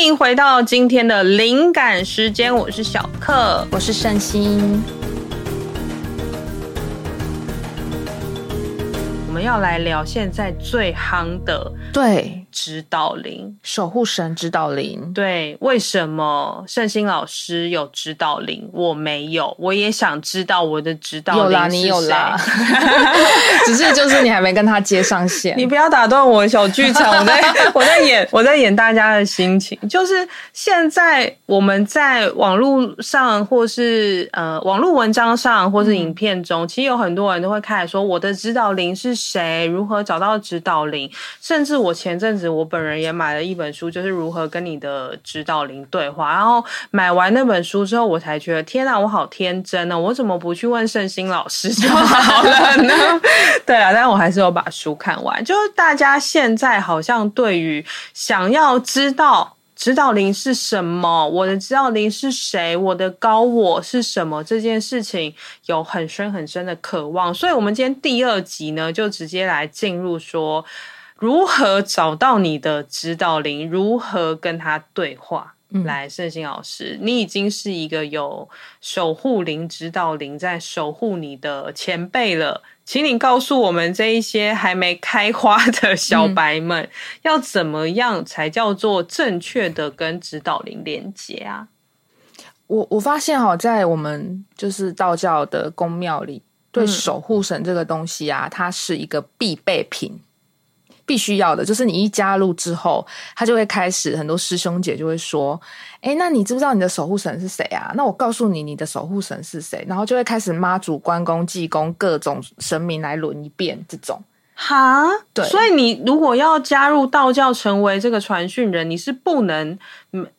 歡迎回到今天的靈感時間，我是小克，我是盛心 。我們要來聊現在最夯的，對。指導靈，守護神，指導靈，對，為什麼聖心老師有指導靈，我沒有，我也想知道我的指導靈是誰？有啦，你有啦， 只是就是你還沒跟他接上線， 你不要打斷我，小劇場，我在，我在演，我在演大家的心情，就是現在我們在網絡上，或是呃網絡文章上，或是影片中，嗯，其實有很多人都會開始說，我的指導靈是誰，如何找到指導靈，甚至我前陣子。我本人也買了一本書，就是如何跟你的指導靈對話。然後買完那本書之後，我才覺得天啊，我好天真呢、哦！我怎麼不去問聖心老師就好了呢？ 對啊，但是我還是有把書看完。就是大家現在好像對於想要知道指導靈是什麼，我的指導靈是誰，我的高我是什麼這件事情，有很深很深的渴望。所以，我們今天第二集呢，就直接來進入說。如何找到你的指導靈？如何跟他對話？嗯、來，聖心老師，你已經是一個有守護靈、指導靈在守護你的前輩了，請你告訴我們這一些還沒開花的小白們，嗯、要怎麼樣才叫做正確的跟指導靈連接啊？我我發現好在我們就是道教的宮廟裡，對守護神這個東西啊，它是一個必備品。必須要的，就是你一加入之後，他就會開始，很多師兄姐就會說：“哎、欸，那你知不知道你的守護神是誰啊？”那我告訴你，你的守護神是誰，然後就會開始媽祖、關公、濟公各種神明來輪一遍這種。哈，對，所以你如果要加入道教成為這個傳訊人，你是不能，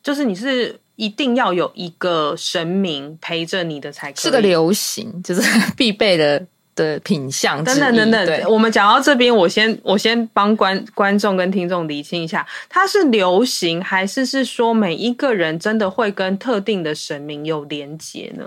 就是你是一定要有一個神明陪着你的才可以，是個流行，就是必備的。的品相等等等等。對，我們講到這邊，我先我先幫觀觀眾跟聽眾理清一下，它是流行，還是是說每一個人真的會跟特定的神明有連接呢？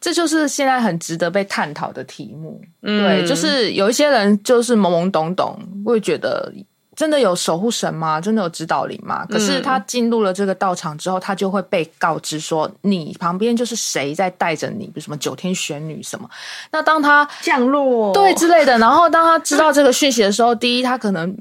這就是現在很值得被探討的題目。嗯。對，就是有一些人就是懵懵懂懂，會覺得。真的有守護神嗎？真的有指導靈嗎？可是他進入了這個道場之後，嗯、他就會被告知說，你旁邊就是誰在帶着你，比如什麼九天玄女什麼。那當他降落，對之類的，然後當他知道這個訊息的時候，第一他可能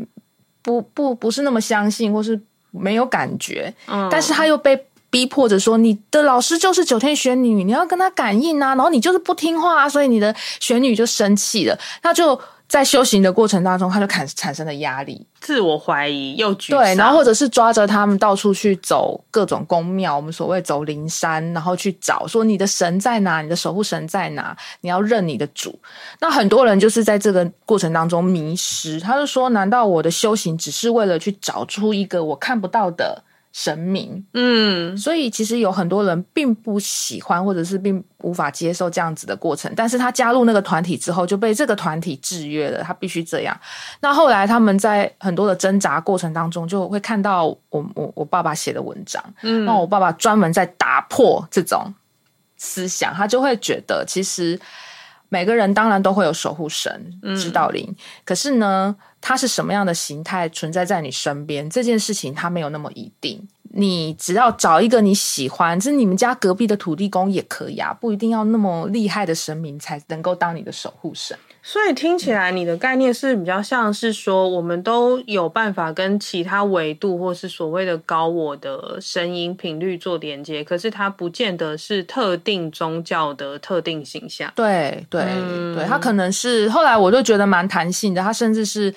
不不不是那麼相信，或是沒有感覺。嗯，但是他又被逼迫着說，你的老師就是九天玄女，你要跟他感應啊。然後你就是不聽話、啊，所以你的玄女就生氣了，他就。在修行的過程當中，他就產產生了壓力、自我懷疑又沮喪，對，然後或者是抓着他們到處去走各種宮廟，我們所謂走靈山，然後去找說你的神在哪，你的守護神在哪，你要認你的主。那很多人就是在這個過程當中迷失，他就說：難道我的修行只是為了去找出一個我看不到的？神明，嗯，所以其實有很多人並不喜歡，或者是並無法接受這樣子的過程。但是他加入那個團體之後，就被這個團體制約了，他必須這樣。那後來他們在很多的掙扎過程當中，就會看到我我我爸爸寫的文章，嗯，那我爸爸專門在打破這種思想，他就會覺得其實。每個人當然都會有守護神、指導靈，嗯，可是呢，他是什麼樣的形態存在在你身邊，這件事情，他沒有那麼一定。你只要找一個你喜歡，這是你們家隔壁的土地公也可以啊，不一定要那麼厲害的神明才能夠當你的守護神。所以聽起來，你的概念是比較像是說，我們都有辦法跟其他維度，或是所謂的高我的聲音頻率做連接，可是它不見得是特定宗教的特定形象。對對對，它、嗯、可能是後來我就覺得蠻彈性的，它甚至是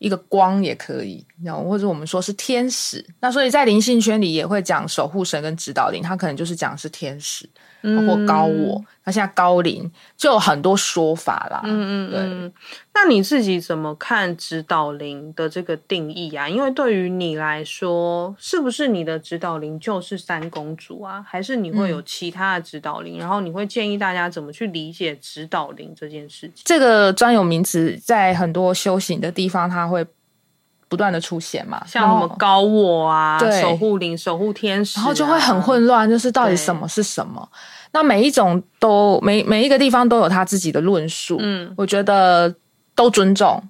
一個光也可以，然後或者我們說是天使。那所以在靈性圈裡也會講守護神跟指導靈，它可能就是講是天使。包括高我，那、嗯、現在高靈就有很多說法啦。嗯嗯，對嗯。那你自己怎麼看指導靈的這個定義啊？因為對於你來說，是不是你的指導靈就是三公主啊？還是你會有其他的指導靈、嗯？然後你會建議大家怎麼去理解指導靈這件事情？這個專有名詞在很多修行的地方，他會。不斷的出現嘛，像什麼高我啊，守護靈、守護天使啊，然後就會很混亂，就是到底什麼是什麼？那每一種都每每一個地方都有他自己的論述，嗯，我覺得都尊重，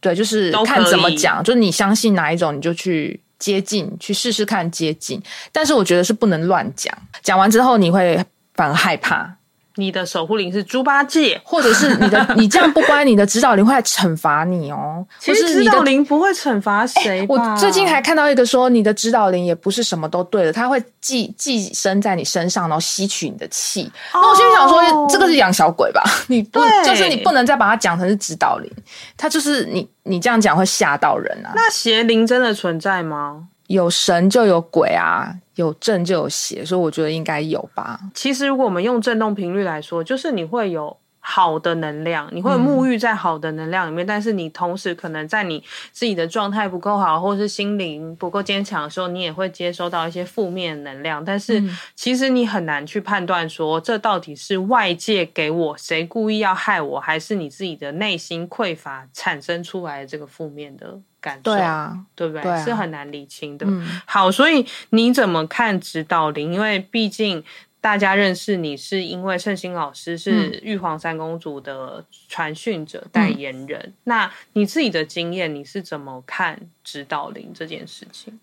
對，就是看怎麼講，就你相信哪一種，你就去接近，去試試看接近。但是我覺得是不能亂講，講完之後你會反而害怕。你的守護靈是豬八戒，或者是你的，你這樣不乖，你的指導靈會來懲罰你哦。其實指導靈不會懲罰誰吧。我最近還看到一個說，你的指導靈也不是什麼都對的，它會寄寄生在你身上，然後吸取你的氣。哦。那我心裡想說，這個是養小鬼吧？你不，對，就是你不能再把它講成是指導靈，它就是你，你這樣講會嚇到人啊。那邪靈真的存在嗎？有神就有鬼啊，有正就有邪，所以我覺得應該有吧。其實，如果我們用振動頻率來說，就是你會有好的能量，你會沐浴在好的能量裡面。嗯。但是，你同時可能在你自己的狀態不夠好，或是心靈不夠堅強的時候，你也會接收到一些負面能量。但是，其實你很難去判斷說，這到底是外界給我，誰故意要害我，還是你自己的內心匱乏產生出來的這個負面的。感受，對啊，對不對？對啊，是很難理清的。嗯。好，所以你怎麼看指導靈？因為畢竟大家認識你是因為聖心老師是玉皇三公主的傳訊者代言人。嗯，那你自己的經驗，你是怎麼看指導靈這件事情？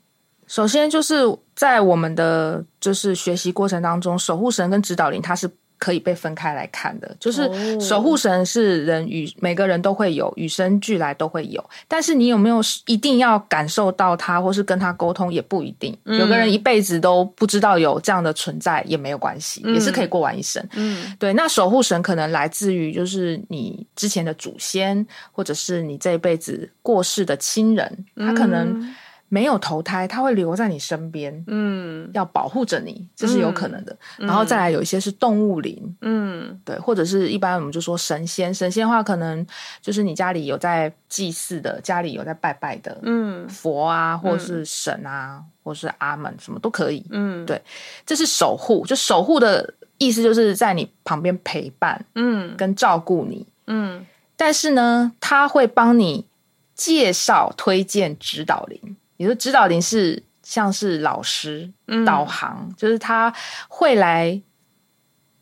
首先就是在我們的就是學習過程當中，守護神跟指導靈，它是。可以被分開來看的，就是守護神是人與每個人都會有，與生俱來都會有。但是你有沒有一定要感受到他，或是跟他溝通也不一定。有個人一輩子都不知道有這樣的存在也沒有關係，也是可以過完一生。嗯，對。那守護神可能來自於就是你之前的祖先，或者是你這一輩子過世的親人，他可能。沒有投胎，他會留在你身邊，嗯，要保護着你，這是有可能的。嗯、然後再來有一些是動物靈，嗯，對，或者是一般我們就說神仙，神仙的話可能就是你家裡有在祭祀的，家裡有在拜拜的，嗯，佛啊，或是神啊，嗯、或是阿門什麼都可以，嗯，對，這是守護，就守護的意思，就是在你旁邊陪伴，嗯，跟照顧你，嗯，但是呢，他會幫你介紹、推薦、指導靈。你說指導靈是像是老師，嗯，導航，就是他會來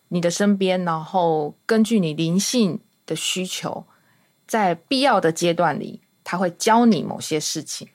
你的身邊，然後根據你靈性的需求，在必要的階段裡，他會教你某些事情。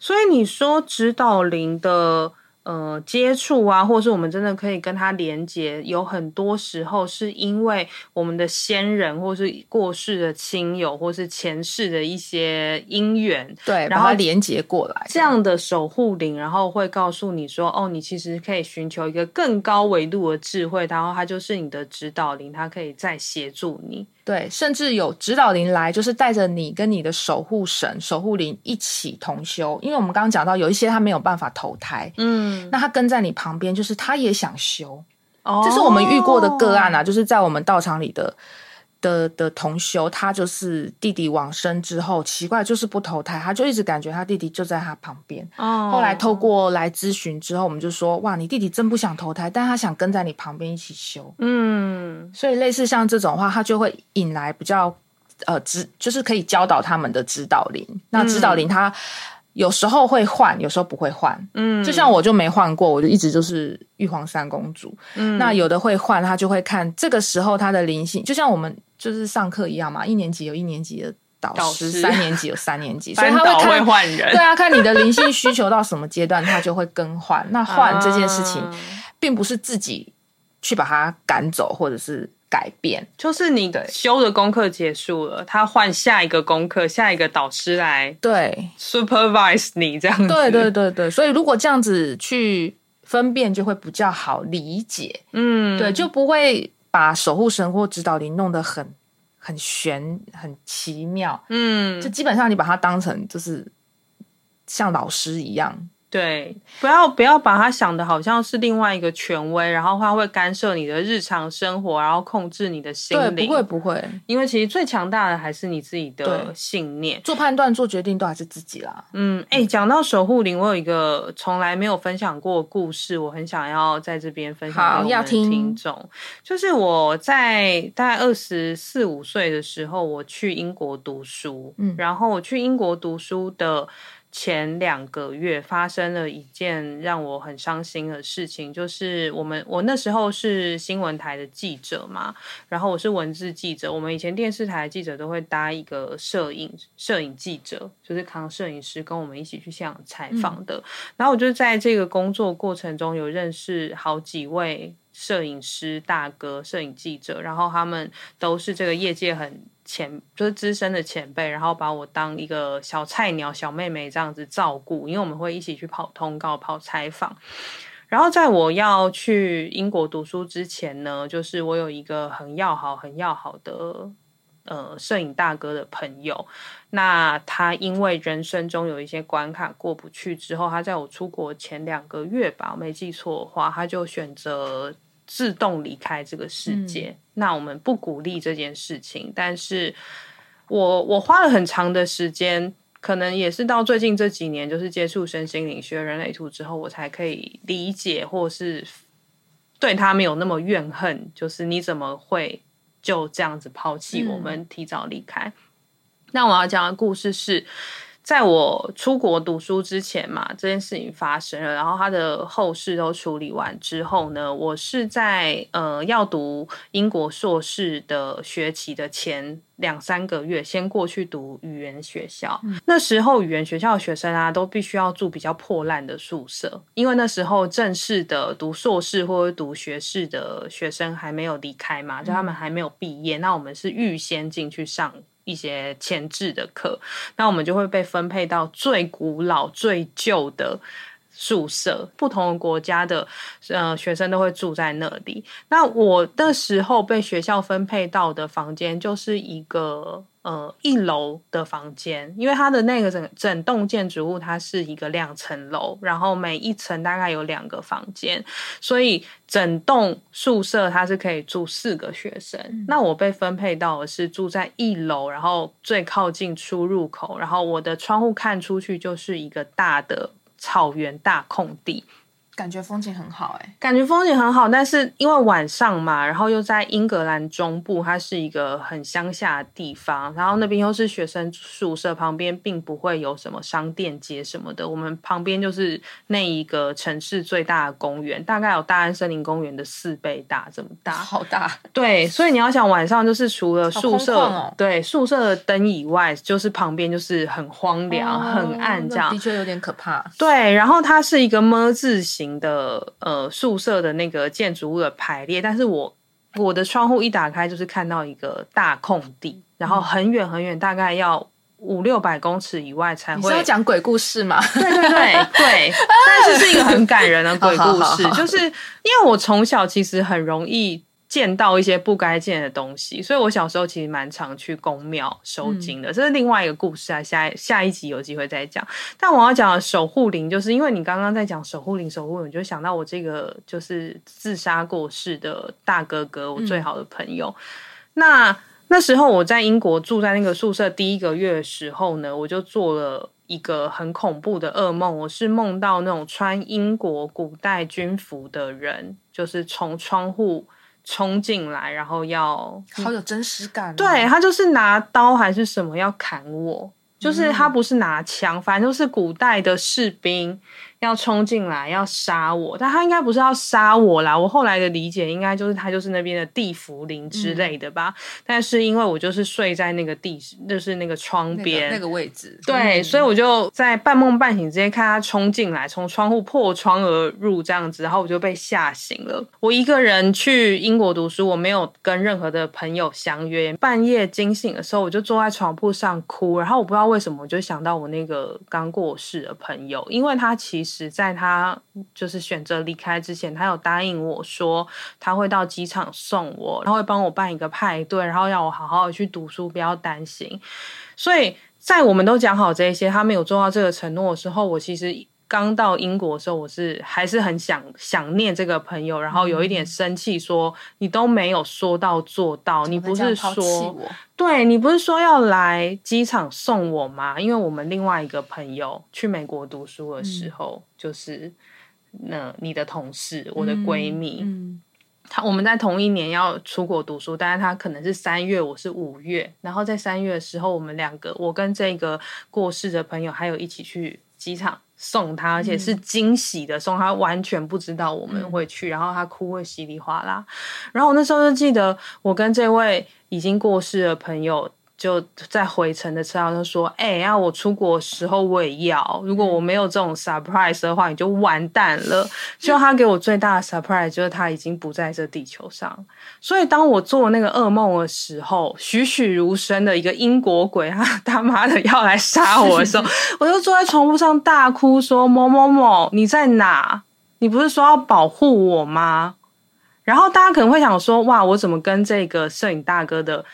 所以你說指導靈的。呃，接觸啊，或是我們真的可以跟他連接，有很多時候是因為我們的先人，或是過世的親友，或是前世的一些姻緣，對，然後連接過來，這樣的守護靈，然後會告訴你說，哦，你其實可以尋求一個更高維度的智慧，然後它就是你的指導靈，它可以再協助你。對，甚至有指導靈來，就是帶着你跟你的守護神、守護靈一起同修。因為我們剛剛講到，有一些他沒有辦法投胎，嗯，那他跟在你旁邊，就是他也想修。哦，這是我們遇過的個案啊，就是在我們道場裡的。的的同修，他就是弟弟往生之後，奇怪就是不投胎，他就一直感覺他弟弟就在他旁邊。哦、oh.。後來透過來諮詢之後，我們就說：哇，你弟弟真不想投胎，但他想跟在你旁邊一起修。嗯、mm.。所以類似像這種話，他就會引來比較呃知，就是可以教導他們的指導靈。Mm. 那指導靈他有時候會換，有時候不會換。嗯、mm.。就像我就沒換過，我就一直就是玉皇三公主。嗯、mm.。那有的會換，他就會看這個時候他的靈性，就像我們。就是上課一樣嘛，一年級有一年級的導師，導師三年級有三年級， 所以他會換人， 對啊，看你的靈性需求到什麼階段， 他就會更換。那換這件事情、嗯，並不是自己去把他趕走，或者是改變，就是你的修的功課結束了，他換下一個功課，下一個導師來對 supervise 你這樣子，對對對對，所以如果這樣子去分辨，就會比較好理解，嗯，對，就不會。把守護神或指導靈弄得很、很玄、很奇妙，嗯，就基本上你把它當成就是像老師一樣。對，不要不要把它想的好像是另外一個權威，然後他會干涉你的日常生活，然後控制你的心靈。對，不會不會，因為其實最強大的還是你自己的信念。做判斷、做決定都還是自己啦。嗯，哎、欸，講到守護靈，我有一個從來沒有分享過的故事，我很想要在這邊分享給我們的聽眾。好，要聽。就是我在大概二十四五歲的時候，我去英國讀書。嗯，然後我去英國讀書的。前兩個月發生了一件讓我很傷心的事情，就是我們我那時候是新聞台的記者嘛，然後我是文字記者，我們以前電視台的記者都會搭一個攝影攝影記者，就是扛攝影師跟我們一起去現場採訪的。嗯。然後我就在這個工作過程中有認識好幾位攝影師大哥、攝影記者，然後他們都是這個業界很。前就是資深的前輩，然後把我當一個小菜鳥、小妹妹這樣子照顧。因為我們會一起去跑通告、跑採訪。然後在我要去英國讀書之前呢，就是我有一個很要好、很要好的呃攝影大哥的朋友。那他因為人生中有一些關卡過不去之後，他在我出國前兩個月吧，我沒記錯的話，他就選擇。自動離開這個世界。嗯。那我們不鼓勵這件事情但是我，我我花了很長的時間，可能也是到最近這幾年，就是接觸身心靈學、人類圖之後，我才可以理解，或是對他沒有那麼怨恨。就是你怎麼會就這樣子拋棄我們，提早離開。嗯。那我要講的故事是。在我出國讀書之前嘛，這件事情發生了。然後他的後事都處理完之後呢，我是在呃要讀英國碩士的學期的前兩三個月，先過去讀語言學校。嗯。那時候語言學校的學生啊，都必須要住比較破爛的宿舍，因為那時候正式的讀碩士或者讀學士的學生還沒有離開嘛，嗯，就他們還沒有畢業。那我們是預先進去上。一些前置的課，那我們就會被分配到最古老、最舊的宿舍。不同國家的，呃，學生都會住在那裡。那我的時候被學校分配到的房間就是一個。呃，一樓的房間，因為它的那個整整棟建築物，它是一個兩層樓，然後每一層大概有兩個房間，所以整棟宿舍它是可以住四個學生，嗯。那我被分配到的是住在一樓，然後最靠近出入口，然後我的窗戶看出去就是一個大的草原大空地。感覺風景很好哎、欸，感覺風景很好，但是因為晚上嘛，然後又在英格蘭中部，它是一個很鄉下的地方，然後那邊又是學生宿舍旁，旁邊並不會有什麼商店街什麼的。我們旁邊就是那一個城市最大的公園，大概有大安森林公園的四倍大，這麼大，大，好大。對，所以你要想晚上就是除了宿舍、哦、對宿舍的燈以外，就是旁邊就是很荒涼、哦、很暗這樣，的確有點可怕。對，然後它是一個麼字形。的呃、宿舍的那個建築物的排列，但是我我的窗戶一打開就是看到一個大空地，然後很遠很遠，大概要五六百公尺以外才會。要講鬼故事嘛？ 對，對對對，對 但是是一個很感人的鬼故事， 好好好，就是因為我從小其實很容易。見到一些不該見的東西，所以我小時候其實蠻常去宮廟收驚的，嗯。這是另外一個故事啊，下一下一集有機會再講。但我要講的守護靈，就是因為你剛剛在講守護靈，守護靈，我就想到我這個就是自殺過世的大哥哥，我最好的朋友。嗯、那那時候我在英國住在那個宿舍，第一個月的時候呢，我就做了一個很恐怖的噩夢。我是夢到那種穿英國古代軍服的人，就是從窗戶。衝進來，然後要好有真實感啊。對，他就是拿刀還是什麼要砍我，嗯，就是他不是拿槍，反正就是古代的士兵。要衝進來要殺我，但他應該不是要殺我啦。我後來的理解應該就是他就是那邊的地縛靈之類的吧、嗯。但是因為我就是睡在那個地，就是那個窗邊、那個、那個位置，對，嗯、所以我就在半夢半醒之間看他衝進來，從窗戶破窗而入這樣子，然後我就被嚇醒了。我一個人去英國讀書，我沒有跟任何的朋友相約，半夜驚醒的時候我就坐在床鋪上哭，然後我不知道為什麼我就想到我那個剛過世的朋友，因為他其實。是在他就是選擇離開之前，他有答應我說他會到機場送我，他會幫我辦一個派對，然後讓我好好去讀書，不要擔心。所以在我們都講好這些，他沒有做到這個承諾的時候，我其實。剛到英國的時候，我是還是很想想念這個朋友，然後有一點生氣說，說、嗯、你都沒有說到做到，你不是說對，你不是說要來機場送我嗎？因為我們另外一個朋友去美國讀書的時候，嗯、就是那你的同事，我的閨蜜、嗯，他我們在同一年要出國讀書，但是他可能是三月，我是五月，然後在三月的時候，我們兩個我跟這個過世的朋友，還有一起去機場。送他，而且是驚喜的送他，完全不知道我們會去、嗯，然後他哭會稀里嘩啦。然後我那時候就記得，我跟這位已經過世的朋友。就在回程的車上，他說：“哎、欸，要、啊、我出國的時候我也要。如果我沒有這種 surprise 的話，你就完蛋了。”就他給我最大的 surprise，就是他已經不在這地球上。所以當我做那個噩夢的時候，栩栩如生的一個英國鬼，他他媽的要來殺我的時候， 我就坐在床鋪上大哭說：“ 某某某，你在哪？你不是說要保護我嗎？”然後大家可能會想說：“哇，我怎麼跟這個攝影大哥的？”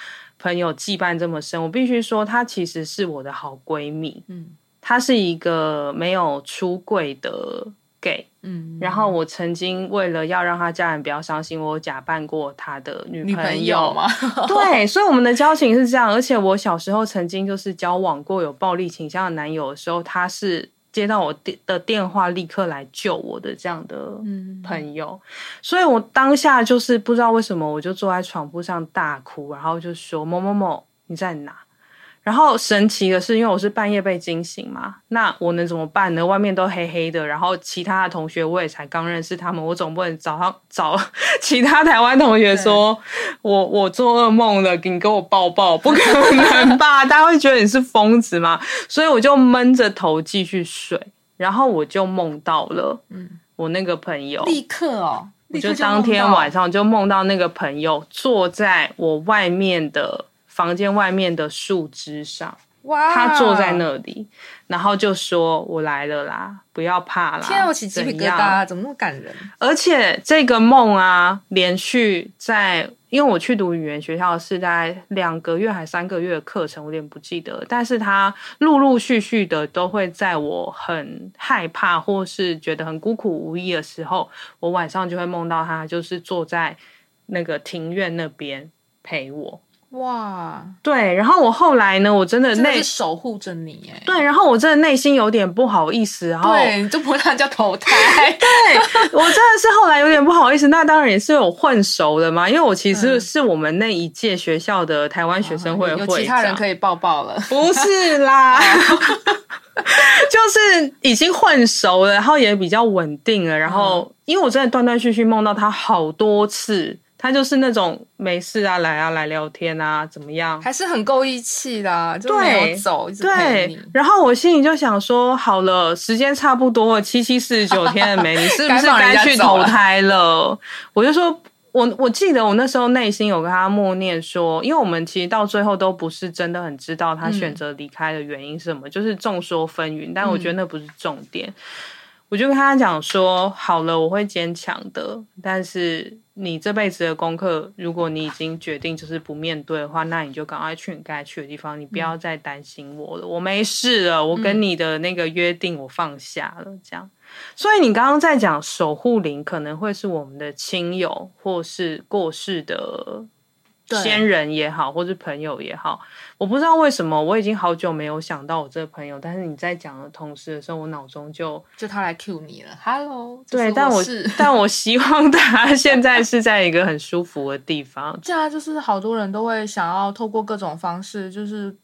朋友羈絆這麼深，我必須說，她其實是我的好閨蜜。嗯，她是一個沒有出櫃的 gay。嗯，然後我曾經為了要讓她家人不要傷心，我假扮過她的女朋友。女朋友 對，所以我們的交情是這樣。而且我小時候曾經就是交往過有暴力傾向的男友的時候，他是。接到我的電話，立刻來救我的這樣的朋友。嗯，所以我當下就是不知道為什麼，我就坐在床鋪上大哭，然後就說，某某某，你在哪？然後神奇的是，因為我是半夜被驚醒嘛，那我能怎麼辦呢？外面都黑黑的，然後其他的同學我也才剛認識他們，我總不能找他，找其他台灣同學說，我我做噩夢了，你給我抱抱，不可能吧？ 大家會覺得你是瘋子嗎？所以我就悶着頭繼續睡，然後我就夢到了，嗯，我那個朋友立刻哦立刻，我就當天晚上就夢到那個朋友坐在我外面的。房間外面的樹枝上，哇、wow!！他坐在那裡，然後就說：“我來了啦，不要怕啦。”在我起雞皮疙瘩怎，怎麼那麼感人？而且這個夢啊，連續在，因為我去讀語言學校是大概兩個月還三個月的課程，我有點不記得。但是他陸陸續續的都會在我很害怕或是覺得很孤苦無依的時候，我晚上就會夢到他，就是坐在那個庭院那邊陪我。哇，對，然後我後來呢，我真的，真的是守護着你，哎，對，然後我真的內心有點不好意思，然後對你就不那叫投胎， 對，我真的是後來有點不好意思，那當然也是有混熟的嘛，因為我其實是我們那一屆學校的台灣學生會會長，有其他人可以抱抱了， 不是啦， 就是已經混熟了，然後也比較穩定了，然後因為我真的斷斷續續，續夢到他好多次。他就是那種沒事啊，來啊來聊天啊，怎麼樣？還是很夠義氣的啊，就沒有走，對，一直陪你。對，然後我心裡就想說，好了，時間差不多了，七七四十九天了沒？ 你是不是該去投胎了 了？我就說，我我記得我那時候內心有跟他默念說，因為我們其實到最後都不是真的很知道他選擇離開的原因是什麼，嗯、就是眾說紛紜。但我覺得那不是重點。嗯嗯我就跟他講說，好了，我會堅強的。但是你這輩子的功課，如果你已經決定就是不面對的話，那你就趕快去你該去的地方，你不要再擔心我了，嗯。我沒事了，我跟你的那個約定，我放下了，嗯。這樣，所以你剛剛在講守護靈，可能會是我們的親友或是過世的。先人也好，或是朋友也好，我不知道為什麼，我已經好久沒有想到我這個朋友。但是你在講的同時的時候，我腦中就就他來 cue 你了。Hello，對，但我是，但我， 但我希望他現在是在一個很舒服的地方。是啊，就是好多人都會想要透過各種方式，就是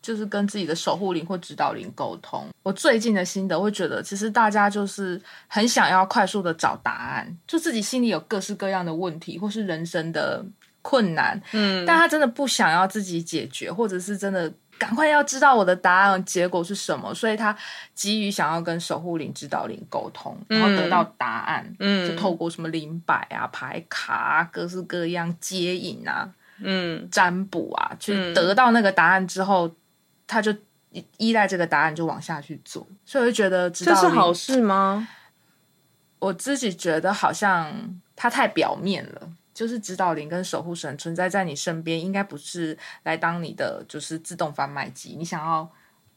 就是跟自己的守護靈或指導靈溝通。我最近的心得會覺得，其實大家就是很想要快速的找答案，就自己心裡有各式各樣的問題或是人生的。困難，嗯，但他真的不想要自己解決、嗯，或者是真的趕快要知道我的答案結果是什麼，所以他急於想要跟守護靈、指導靈溝通、嗯，然後得到答案，嗯，就透過什麼靈擺啊、牌卡啊、各式各樣接引啊，嗯，占卜啊，去得到那個答案之後、嗯，他就依賴這個答案就往下去做，所以我就覺得這是好事嗎？我自己覺得好像他太表面了。就是指導靈跟守護神存在在你身邊，應該不是來當你的就是自動販賣機，你想要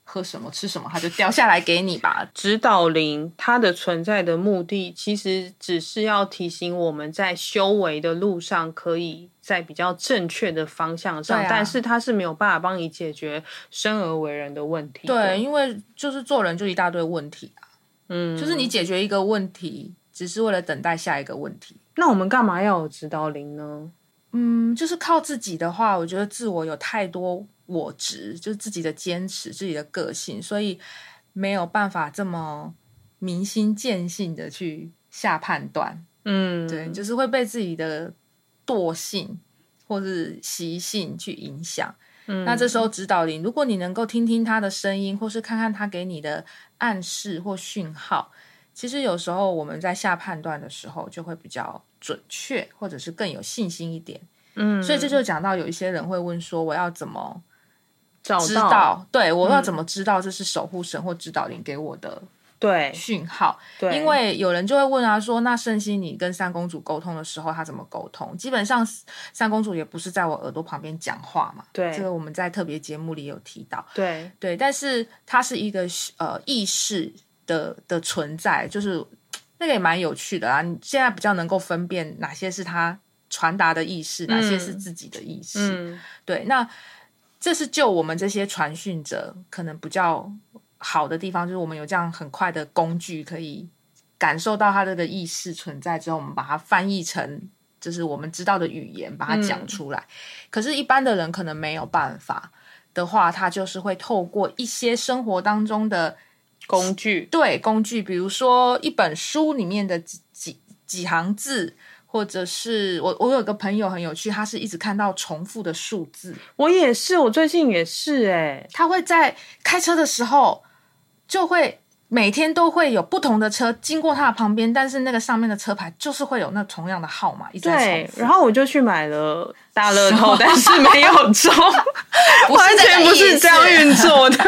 喝什麼吃什麼，它就掉下來給你吧。 指導靈它的存在的目的，其實只是要提醒我們在修為的路上，可以在比較正確的方向上，對啊，但是它是沒有辦法幫你解決生而為人的問題對。對，因為就是做人就一大堆問題啊，嗯，就是你解決一個問題，只是為了等待下一個問題。那我們幹嘛要有指導靈呢？嗯，就是靠自己的話，我覺得自我有太多我執，就是自己的堅持、自己的個性，所以沒有辦法這麼明心見性的去下判斷。嗯，對，就是會被自己的惰性或是習性去影響。嗯，那這時候指導靈，如果你能夠聽聽他的聲音，或是看看他給你的暗示或訊號，其實有時候我們在下判斷的時候就會比較準確，或者是更有信心一點。嗯，所以這就講到有一些人會問說，我要怎麼知道？找到對、嗯、我要怎麼知道這是守護神或指導靈給我的對訊號？因為有人就會問他、啊、說：“那聖心，你跟三公主溝通的時候，她怎麼溝通？基本上三公主也不是在我耳朵旁邊講話嘛。對，這個我們在特別節目裡有提到。對對，但是它是一個呃意識的的存在，就是。”那個也蠻有趣的啊！你現在比較能夠分辨哪些是他傳達的意識，嗯，哪些是自己的意識，嗯。對，那這是就我們這些傳訊者可能比較好的地方，就是我們有這樣很快的工具，可以感受到他這個意識存在之後，我們把它翻譯成就是我們知道的語言，把它講出來。嗯。可是，一般的人可能沒有辦法的話，他就是會透過一些生活當中的。工具、工對工具，比如說一本書裡面的幾幾幾行字，或者是我我有個朋友很有趣，他是一直看到重複的數字。我也是，我最近也是哎，他會在開車的時候，就會每天都會有不同的車經過他的旁邊，但是那個上面的車牌就是會有那同樣的號碼一再重複。對，然後我就去買了。大樂透，so. 但是沒有中， 完全不是這樣運作的。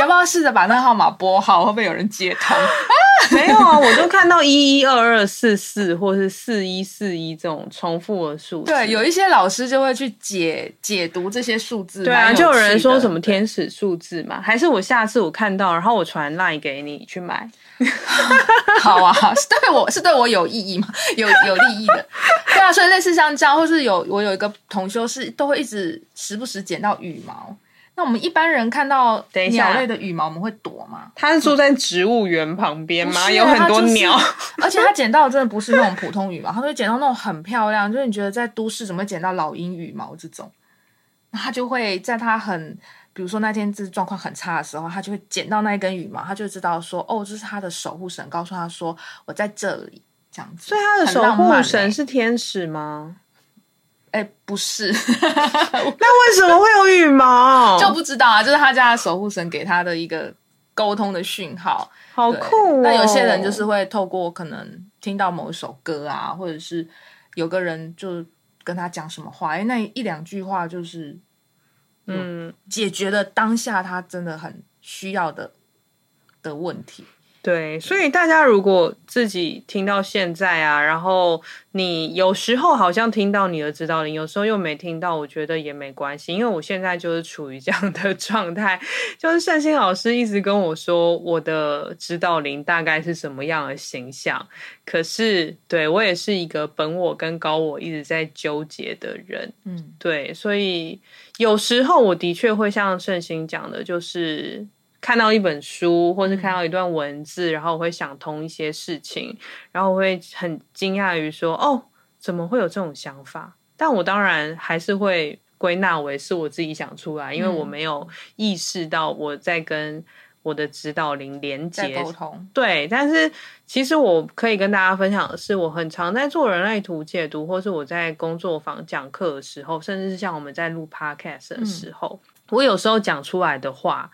要不要試着把那個號碼撥好，會不會有人接通？ 沒有啊，我都看到一一二二四四，或是四一四一這種重複的數字。對，有一些老師就會去解解讀這些數字。對啊，有，就有人說什麼天使數字嘛？還是我下次我看到，然後我傳賴給你去買。 好啊，好，是對我，我是對我有意義嗎？有有利益的，對啊。所以類似像這樣，或是有我有一個同修是都會一直時不時撿到羽毛。那我們一般人看到鳥類的羽毛，我們會躲嗎？他是住在植物園旁邊嗎？有很多鳥，啊就是、 而且他撿到的真的不是那種普通羽毛，他會撿到那種很漂亮，就是你覺得在都市怎麼撿到老鷹羽毛這種？他就會在他很。比如說那天，這狀況很差的時候，他就會撿到那一根羽毛，他就知道說，哦，這是他的守護神，告訴他說，我在這裡，這樣子。所以他的守護神是天使嗎？哎、欸欸，不是。 那為什麼會有羽毛？就不知道啊，就是他家的守護神給他的一個溝通的訊號，好酷、哦。那有些人就是會透過可能聽到某一首歌啊，或者是有個人就跟他講什麼話，因為、欸、那一兩句話就是。嗯，解決了當下他真的很需要的的問題。對，所以大家如果自己聽到現在啊，然後你有時候好像聽到你的指導靈，有時候又沒聽到，我覺得也沒關係，因為我現在就是處於這樣的狀態，就是聖心老師一直跟我說我的指導靈大概是什麼樣的形象，可是對我也是一個本我跟高我一直在糾結的人，嗯，對，所以有時候我的確會像聖心講的，就是。看到一本書，或是看到一段文字，嗯、然後我會想通一些事情，然後我會很驚訝於說：“哦，怎麼會有這種想法？”但我當然還是會歸納為是我自己想出來，嗯、因為我沒有意識到我在跟我的指導靈連接溝通。對，但是其實我可以跟大家分享的是，我很常在做人類圖解讀，或是我在工作坊講課的時候，甚至是像我們在錄 podcast 的時候、嗯，我有時候講出來的話。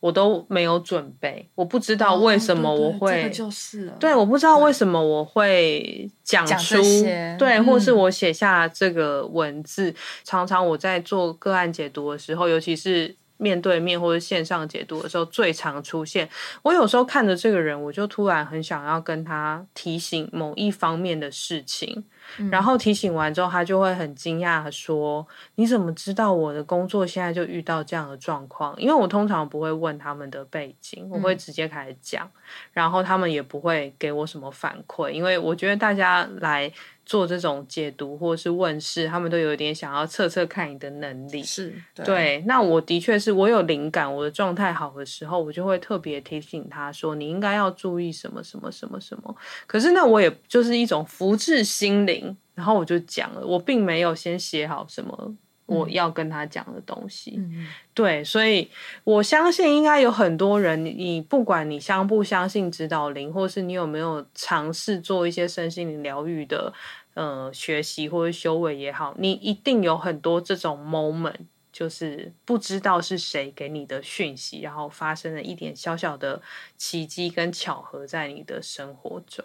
我都沒有準備，我不知道為什麼我會，哦哦對，對，對，我會這個、對，我不知道為什麼我會講出。對，或是我寫下這個文字、嗯。常常我在做個案解讀的時候，尤其是面對面或者線上解讀的時候，最常出現。我有時候看着這個人，我就突然很想要跟他提醒某一方面的事情。然後提醒完之後，他就會很驚訝地說：“你怎麼知道我的工作現在就遇到這樣的狀況？”因為我通常不會問他們的背景，我會直接開始講，嗯、然後他們也不會給我什麼反饋，因為我覺得大家來做這種解讀或是問事，他們都有一點想要測測看你的能力。是，對。對，那我的確是我有靈感，我的狀態好的時候，我就會特別提醒他說：“你應該要注意什麼什麼什麼什麼。”可是那我也就是一種福至心靈。然後我就講了，我並沒有先寫好什麼我要跟他講的東西。嗯。對，所以我相信應該有很多人，你不管你相不相信指導靈，或是你有沒有嘗試做一些身心靈療癒的呃學習或者修為也好，你一定有很多這種 moment，就是不知道是誰給你的訊息，然後發生了一點小小的奇蹟跟巧合在你的生活中。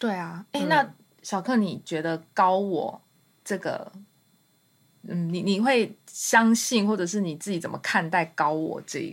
對啊。嗯。誒，那。小克，你覺得高我這個，嗯，你你會相信，或者是你自己怎麼看待高我這個、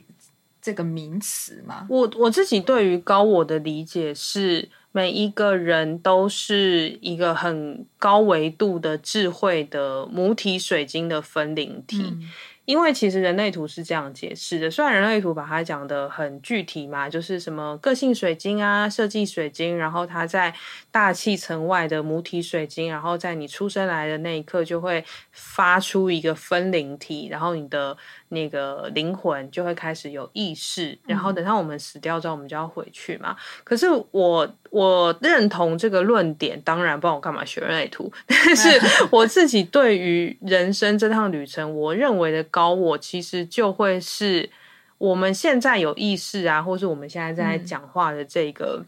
這個名詞嗎？我我自己對於高我的理解是，每一個人都是一個很高維度的智慧的母體水晶的分靈體。嗯因為其實人類圖是這樣解釋的，雖然人類圖把它講得很具體嘛，就是什麼個性水晶啊、設計水晶，然後它在大氣層外的母體水晶，然後在你出生來的那一刻就會發出一個分靈體，然後你的。那個靈魂就會開始有意識，然後等到我們死掉之後，我們就要回去嘛。嗯、可是我我認同這個論點，當然，不然我幹嘛學人類圖？但是我自己對於人生這趟旅程， 我認為的高我其實就會是，我們現在有意識啊，或是我們現在在講話的這個，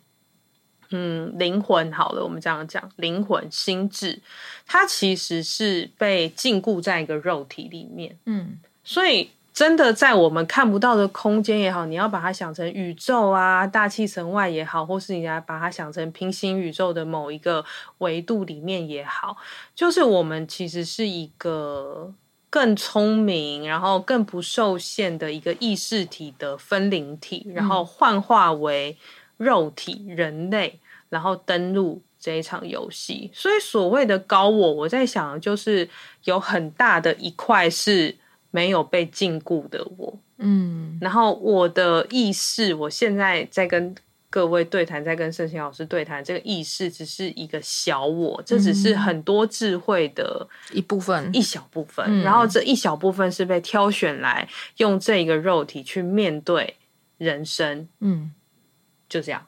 嗯，嗯、靈魂好了，我們這樣講，靈魂心智，它其實是被禁錮在一個肉體裡面，嗯。所以，真的在我們看不到的空間也好，你要把它想成宇宙啊、大氣層外也好，或是你要把它想成平行宇宙的某一個維度裡面也好，就是我們其實是一個更聰明，然後更不受限的一個意識體的分靈體，然後幻化為肉體人類，然後登陸這一場遊戲。所以，所謂的高我，我在想，就是有很大的一塊是。沒有被禁錮的我，嗯，然後我的意識，我現在在跟各位對談，在跟聖賢老師對談，這個意識只是一個小我，嗯，這只是很多智慧的一部分，一小部分，嗯。然後這一小部分是被挑選來用這一個肉體去面對人生，嗯，就這樣。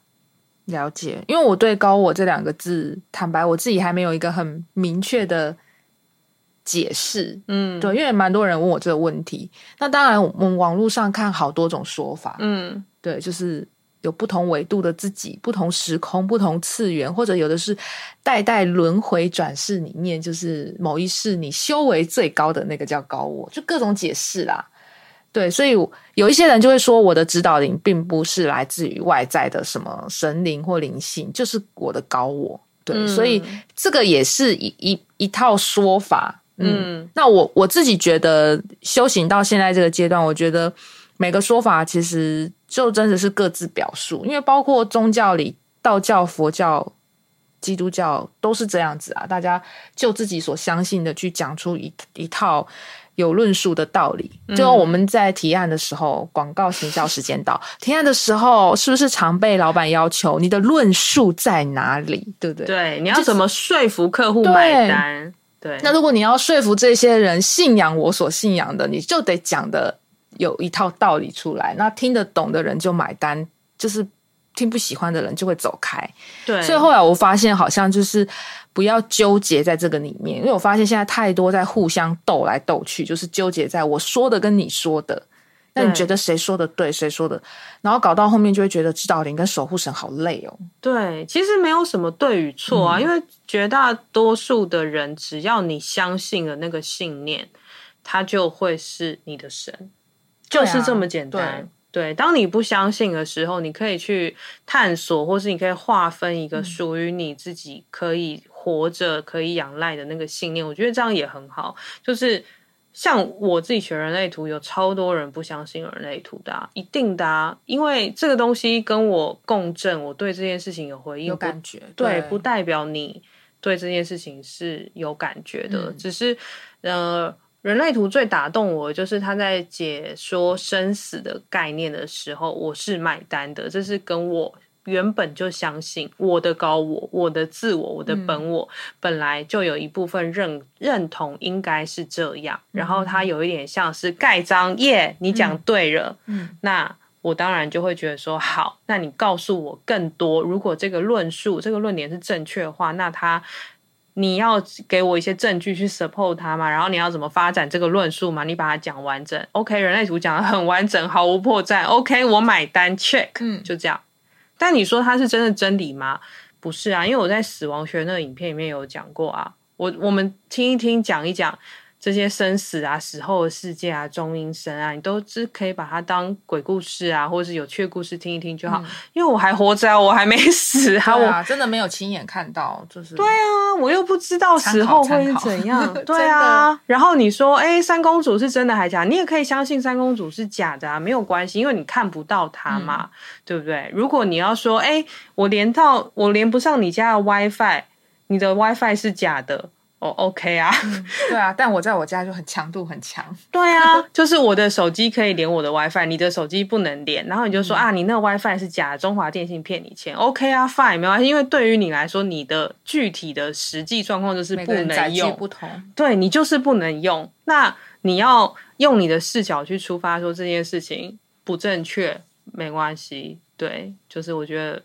了解，因為我對“高我”這兩個字，坦白我自己還沒有一個很明確的解釋，嗯，對，因為蠻多人問我這個問題。那當然，我們網絡上看好多種說法，嗯，對，就是有不同維度的自己，不同時空、不同次元，或者有的是代代輪迴轉世裡面，就是某一世你修為最高的那個叫高我，就各種解釋啦。對，所以有一些人就會說，我的指導靈並不是來自於外在的什麼神靈或靈性，就是我的高我。對，嗯，所以這個也是一一一套說法。嗯，那我我自己覺得修行到現在這個階段，我覺得每個說法其實就真的是各自表述，因為包括宗教裡道教、佛教、基督教都是這樣子啊，大家就自己所相信的去講出一一套有論述的道理。嗯，就我們在提案的時候，廣告行銷時間到，提案的時候是不是常被老板要求你的論述在哪裡？對不對？對，你要怎麼說服客戶買單？就是對，那如果你要說服這些人信仰我所信仰的，你就得講的有一套道理出來，那聽得懂的人就買單，就是聽不喜歡的人就會走開。對，所以後來我發現好像就是不要糾結在這個裡面，因為我發現現在太多在互相鬥來鬥去，就是糾結在我說的跟你說的。那你覺得誰說的對，對，誰說的？然後搞到後面就會覺得指導靈跟守護神好累哦。對，其實沒有什麼對與錯啊，嗯、因為絕大多數的人，只要你相信了那個信念，他就會是你的神，啊、就是這麼簡單對。對，當你不相信的時候，你可以去探索，或是你可以劃分一個屬於你自己可以活着、可以仰賴的那個信念、嗯。我覺得這樣也很好，就是。像我自己學人類圖，有超多人不相信人類圖的啊，一定的啊，因為這個東西跟我共振，我對這件事情有回應、有感覺、對，對，不代表你對這件事情是有感覺的，嗯，只是，呃，人類圖最打動我，就是他在解說生死的概念的時候，我是買單的，這是跟我。原本就相信我的高我、我的自我、我的本我、嗯、本來就有一部分認認同應該是這樣，嗯、然後他有一點像是蓋章耶，嗯、yeah, 你講對了，嗯，那我當然就會覺得說好，那你告訴我更多，如果這個論述、這個論點是正確的話，那他你要給我一些證據去 support 他嘛，然後你要怎麼發展這個論述嘛，你把它講完整，OK，人類圖講的很完整，毫無破綻，OK，我買單，check，嗯，就這樣。但你說他是真的真理嗎？不是啊，因為我在死亡學那個影片裡面有講過啊。我我們聽一聽，講一講。這些生死啊、死後的世界啊、中陰身啊，你都是可以把它當鬼故事啊，或者是有趣故事聽一聽就好。嗯、因為我還活着、啊，我還沒死啊，啊我真的沒有親眼看到，就是對啊，我又不知道死後會怎樣，對啊。然後你說，哎、欸，三公主是真的還假的、啊？你也可以相信三公主是假的啊，沒有關係，因為你看不到她嘛、嗯，對不對？如果你要說，哎、欸，我連到我連不上你家的 WiFi，你的 WiFi 是假的。哦、oh，OK 啊、嗯，對啊，但我在我家就很強度很強。 對啊，就是我的手機可以連我的 WiFi，你的手機不能連，然後你就說、嗯、啊，你那個 WiFi 是假的，中華電信騙你錢。OK 啊，Fine，沒關係，因為對於你來說，你的具體的實際狀況就是不能用。不同。對你就是不能用。那你要用你的視角去出發，說這件事情不正確，沒關係。對，就是我覺得。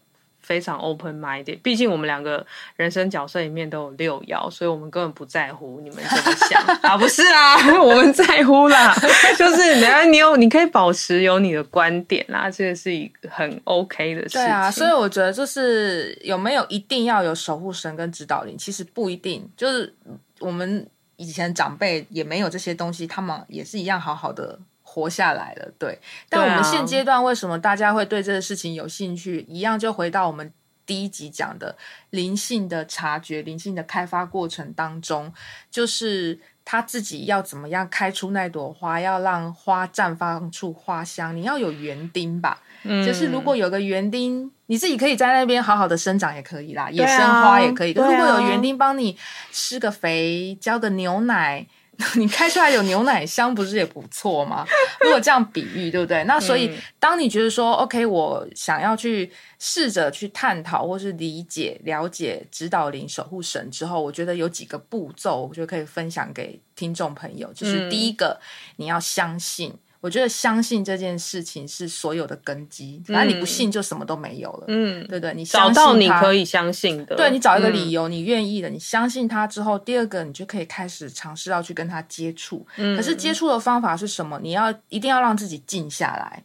非常 open minded，畢竟我們兩個人生角色裡面都有六爻，所以我們根本不在乎你們怎麼想 啊！不是啊， 我們在乎啦， 就是你要你有，你可以保持有你的觀點啦，這個、是一個很 OK 的事情。對啊，所以我覺得就是有沒有一定要有守護神跟指導靈，其實不一定。就是我們以前長輩也沒有這些東西，他們也是一樣好好的。活下來了，對。但我們現階段為什麼大家會對這個事情有興趣？啊、一樣就回到我們第一集講的靈性的察覺、靈性的開發過程當中，就是他自己要怎麼樣開出那朵花，要讓花綻放出花香。你要有園丁吧、嗯，就是如果有個園丁，你自己可以在那邊好好的生長也可以啦，啊、野生花也可以。啊、如果有園丁幫你施個肥、澆個牛奶。 你開出來有牛奶香，不是也不錯嗎？如果這樣比喻， 對不對？那所以，嗯、當你覺得說 “OK”，我想要去試着去探討或是理解、了解指導靈、守護神之後，我覺得有幾個步驟，我覺得可以分享給聽眾朋友，就是第一個，嗯、你要相信。我覺得相信這件事情是所有的根基，反正、嗯、你不信就什麼都沒有了。嗯，對不對？你找到你可以相信的，對，你找一個理由，嗯，你願意的，你相信他之後，第二個你就可以開始嘗試要去跟他接觸，嗯。可是接觸的方法是什麼？你要一定要讓自己靜下來，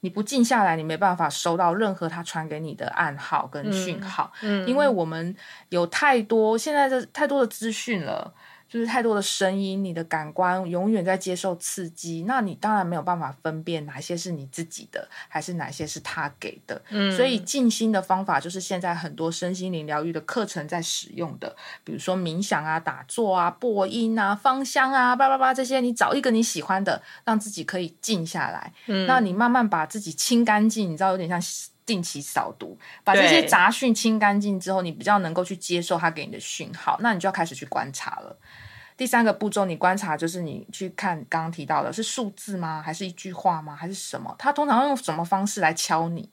你不靜下來，你沒辦法收到任何他傳給你的暗號跟訊號。嗯，因為我們有太多現在的太多的資訊了。就是太多的聲音，你的感官永遠在接受刺激，那你當然沒有辦法分辨哪些是你自己的，還是哪些是他給的。嗯，所以靜心的方法就是現在很多身心靈療癒的課程在使用的，比如說冥想啊、打坐啊、播音啊、芳香啊、叭叭叭這些，你找一個你喜歡的，讓自己可以靜下來。嗯，那你慢慢把自己清乾淨，你知道有點像。定期掃毒，把這些雜訊清乾淨之後，你比較能夠去接受他給你的訊號。那你就要開始去觀察了。第三個步驟，你觀察就是你去看剛剛提到的是數字嗎？還是一句話嗎？還是什麼？他通常用什麼方式來敲你？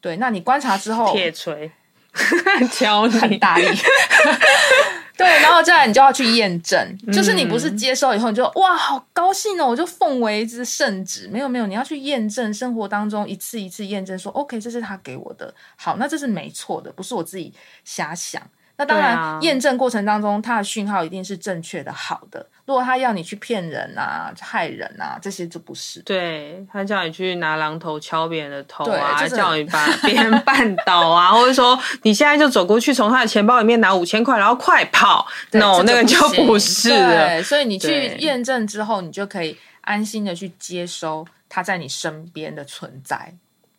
對，那你觀察之後，鐵錘 敲你，很大 對，然後再來你就要去驗證，就是你不是接收以後你就、嗯、哇好高興哦，我就奉為一支聖旨，沒有沒有，你要去驗證生活當中一次一次驗證說，說 OK 這是他給我的，好，那這是沒錯的，不是我自己瞎想。那當然驗、啊、證過程當中，他的訊號一定是正確的，好的。如果他要你去騙人啊，害人啊，這些就不是。對，他叫你去拿榔頭敲別人的頭啊，就是、叫你把別人絆倒啊， 或者說你現在就走過去從他的錢包裡面拿五千塊，然後快跑，對，no，那個就不是。對，所以你去驗證之後，你就可以安心的去接收他在你身邊的存在。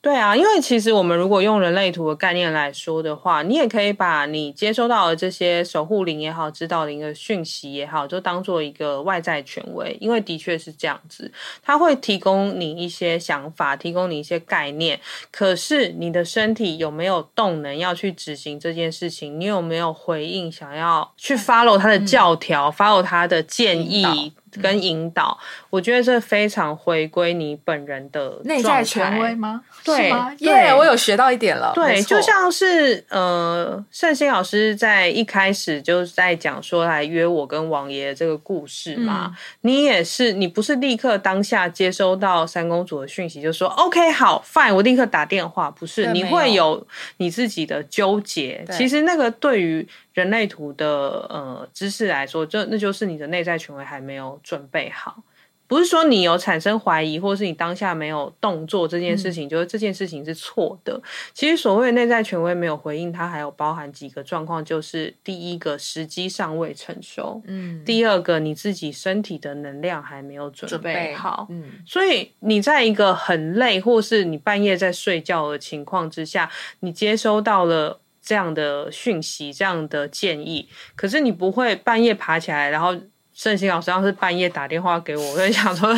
對啊，因為其實我們如果用人類圖的概念來說的話，你也可以把你接收到的這些守護靈也好、指導靈的訊息也好，就當做一個外在權威，因為的確是這樣子，他會提供你一些想法，提供你一些概念。可是你的身體有沒有動能要去執行這件事情？你有沒有回應想要去 follow 他的教條，嗯，follow 他的建議？嗯跟引導、嗯，我覺得這非常回歸你本人的內在權威嗎？對，耶、yeah,，我有學到一點了。對，就像是呃，盛鑫老師在一開始就在講說，來約我跟王爺這個故事嘛、嗯。你也是，你不是立刻當下接收到三公主的訊息，就說、嗯、OK 好，fine，我立刻打電話。不是，你會有你自己的糾結。其實那個對於。人類圖的呃知識來說，這那就是你的內在權威還沒有準備好。不是說你有產生懷疑，或是你當下沒有動作這件事情，嗯、就是這件事情是錯的。其實所謂內在權威沒有回應，它還有包含幾個狀況，就是第一個時機尚未成熟，嗯，第二個你自己身體的能量還沒有準備，準備好，嗯。所以你在一個很累，或是你半夜在睡覺的情況之下，你接收到了。這樣的訊息，這樣的建議，可是你不會半夜爬起來，然後盛鑫老師要是半夜打電話給我，我就想說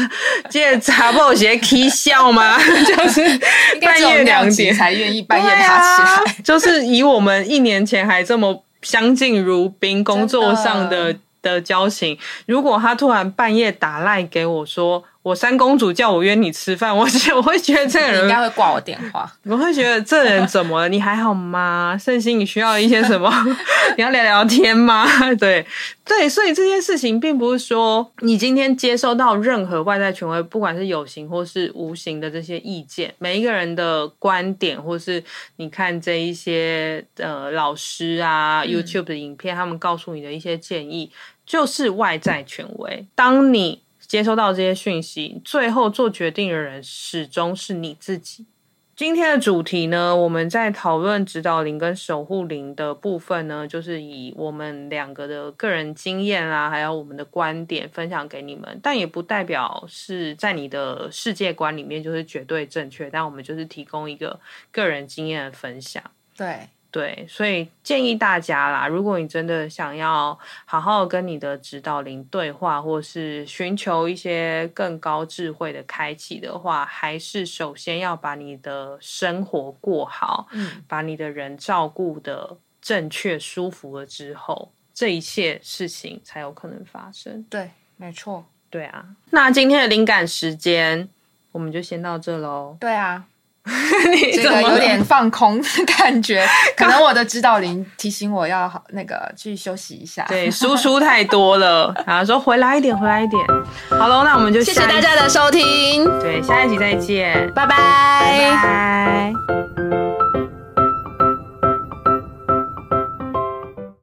借茶包鞋踢笑嗎？ 就是半夜兩點兩才願意半夜爬起來，啊，就是以我們一年前還這麼相敬如賓，工作上的的，的交情，如果他突然半夜打賴給我說。我三公主叫我約你吃飯，我覺我會覺得這個人應該會掛我電話。你會覺得這人怎麼了？你還好嗎？聖心，你需要一些什麼？ 你要聊聊天嗎？對對，所以這件事情並不是說你今天接收到任何外在權威，不管是有形或是無形的這些意見，每一個人的觀點，或是你看這一些呃老師啊 YouTube 的影片，嗯、他們告訴你的一些建議，就是外在權威。當你。接收到這些訊息，最後做決定的人始終是你自己。今天的主題呢，我們在討論指導靈跟守護靈的部分呢，就是以我們兩個的個人經驗啊，還有我們的觀點分享給你們，但也不代表是在你的世界觀裡面就是絕對正確，但我們就是提供一個個人經驗的分享。對。對，所以建議大家啦，如果你真的想要好好跟你的指導靈對話，或是尋求一些更高智慧的開啟的話，還是首先要把你的生活過好，嗯，把你的人照顧得正確、舒服了之後，這一切事情才有可能發生。對，沒錯，對啊。那今天的靈感時間，我們就先到這嘍。對啊。 你怎麼這個有點放空的感覺，可能我的指導靈提醒我要好那個去休息一下， 對，輸出太多了，然 後、啊、說回來一點，回來一點。好了，那我們就下次謝謝大家的收聽，對，下一集再見，拜拜。Bye bye